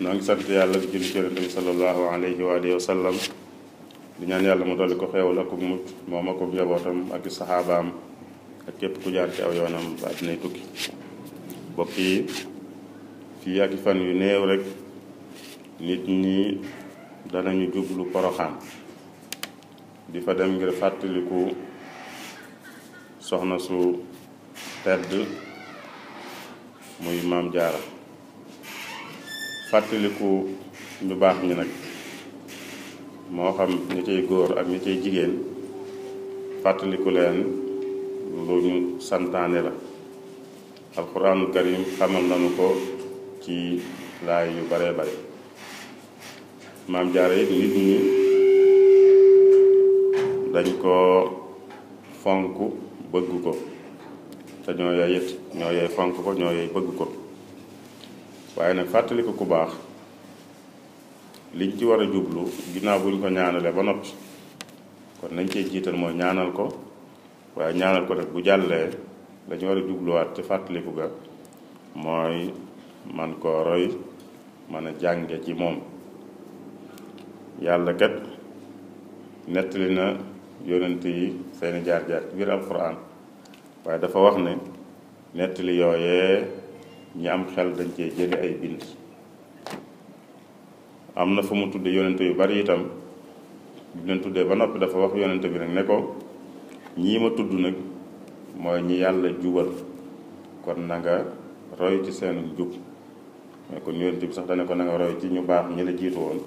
noo ngi sant yàlla di julli ci yonente bi alayhi wa alihi wa sallam di ñaan yàlla mu dolli ko xeewal ak mucc moom ak njabootam ak saxaabaam ak képp ku jaar ci aw yoonam ba dinay tukki mbokk fii ak fan yu néew rek nit ñi danañu jublu poroxaan di fa dem ngir fàttaliku soxna su tedd muy maam jaara fàttaliku ñu baax ñi nag moo xam ñi góor ak ñi cay jigéen fàttaliku leen lu ñu santaane la alxuraanu karim xamal nañu ko ci laay yu baree bare maam jaare it nit ñi dañ ko fonk bëgg ko te ñoo yey it ñoo yey fonk ko ñoo yey bëgg ko waaye nag fàttali ko ku baax liñ ci war a jublu ginnaaw buñ ko ñaanalee ba noppi kon nañ ci jiital mooy ñaanal ko waaye ñaanal ko nag bu jàllee dañu war a jubluwaat ci fàttaliku ga mooy man koo roy mën a jànge ci moom yàlla kat nettali na yonent yi seeni jaar-jaar ci biir alquran waaye dafa wax ne nettali yooyee ñi am xel dañ cee jëli ay bind am na fa mu tuddee yonente yu bari itam bi leen tuddee ba noppi dafa wax yonente bi nag ne ko ñii ma tudd nag mooy ñi yàlla jubal kon na nga roy ci seen jub mais kon yonente bi sax dane ko na nga roy ci ñu baax ñi la jiitu woon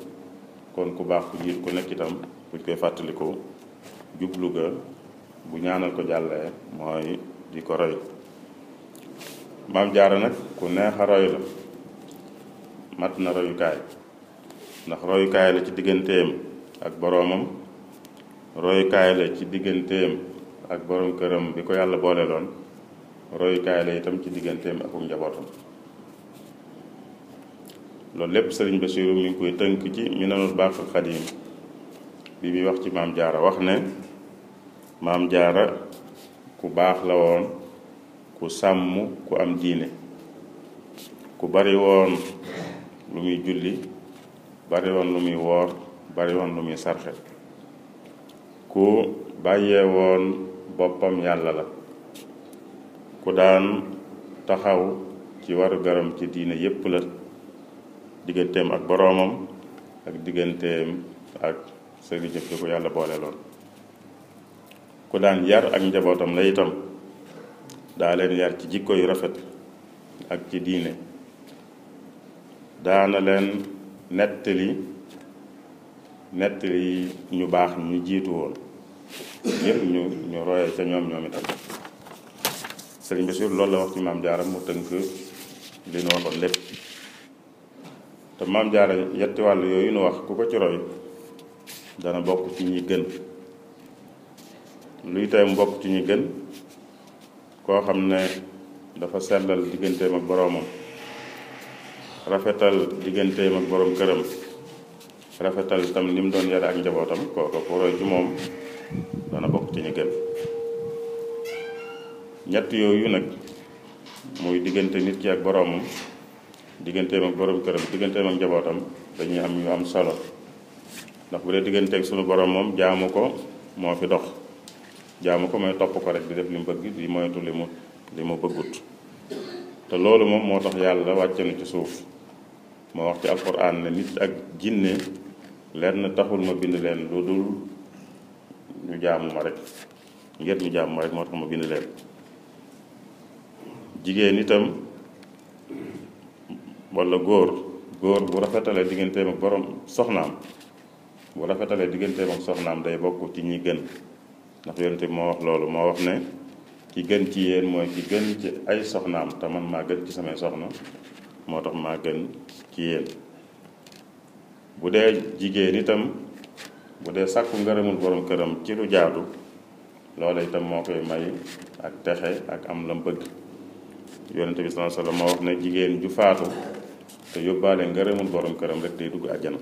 kon ku baax ku jiit ku nekk itam buñ koy fàttaliku jublu ga bu ñaanal ko jàllee mooy di ko roy maam jaara nag ku neex a roy la mat na royukaay ndax royukaay la ci digganteem ak boroomam royukaay la ci digganteem ak boroom këram bi ko yàlla boole loon royukaay la itam ci digganteem ak um njabootam loolu lépp sëriñ Basiru mi ngi koy tënk ci Minanul Baaqil Qadiim bi muy wax ci maam jaara wax ne maam jaara ku baax la woon ku sàmm ku am diine ku bari woon lu muy julli bari lu muy woor bari lu muy sarxe ku bàyyee woon boppam yàlla la ku daan taxaw ci waru garam ci diine yépp la digganteem ak boroomam ak digganteem ak sëriñ jëf ko yàlla boole loon ku daan yar ak njabootam la itam daa leen yar ci jikko yu rafet ak ci diine daana leen nettali nettali ñu baax ñu jiitu woon ngir ñu ñu roye ca ñoom ñoom itam sëriñ bi loolu la wax ci maam jaara mu tënk li nu waxoon lépp te maam jaara yetti wàll yooyu nu wax ku ko ci roy dana bokk ci ñi gën luy tey mu bokk ci ñi gën koo xam ne dafa sellal digganteem ak boroomam rafetal digganteem ak borom këram rafetal tam lim doon yare ak njabootam kooka ko roy ci moom dana bokk ci ñu gën ñett yooyu nag muy diggante nit ki ak boroomam digganteem ak borom këram digganteem ak njabootam dañuy am yu am solo ndax bu dee ak sunu boroom moom jaamu ko moo fi dox jaamu ko mooy topp ko rek di def li mu bëgg di moytu li mu li mu bëggut te loolu moom moo tax yàlla wàcce na ci suuf moo wax ci alquran ne nit ak jinne lenn taxul ma bind leen lu dul ñu jaamu ma rek ngir ñu jaamu ma rek moo tax ma bind leen jigéen itam walla góor góor bu rafetalee digganteem ak borom soxnaam bu rafetalee digganteem ak soxnaam day bokk ci ñi gën ndax yonente bi moo wax loolu moo wax ne ki gën ci yéen mooy ki gën ci ay soxnaam te man maa gën ci samay soxna moo tax maa gën ci yéen bu dee jigéen itam bu dee sàkku ngërëmul borom këram ci lu jaadu loola itam moo koy may ak texe ak am lam bëgg yonente bi sallallahu alayhi moo wax ne jigéen ju faatu te yóbbaale ngërëmul borom këram rek day dugg àjjana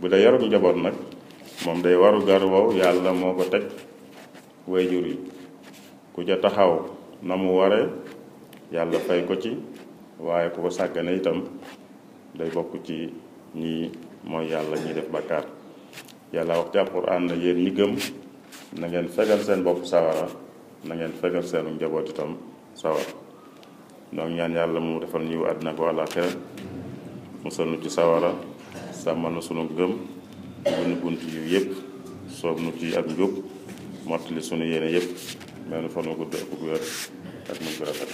bu dee yorum njaboot nag moom day waru gar wow yàlla moo ko teg wayjur yi ku ja taxaw na mu waree yàlla fay ko ci waaye ku ko sàggane itam day bokk ci ñi mooy yàlla ñi def bàkkaar yàlla wax ci alquran na yéen ñi gëm na ngeen fegal seen bopp sawara na ngeen fegal seenu njaboot itam sawara donc ñaan yàlla mu defal niiw àddina ko àllaaxira musal nu ci sawara sàmmal na sunu gëm benn bunt yiw yëpp soob nu ci ak njub mottali sunu yéene yëpp mel nu fan gudd ak wér ak mujj rafet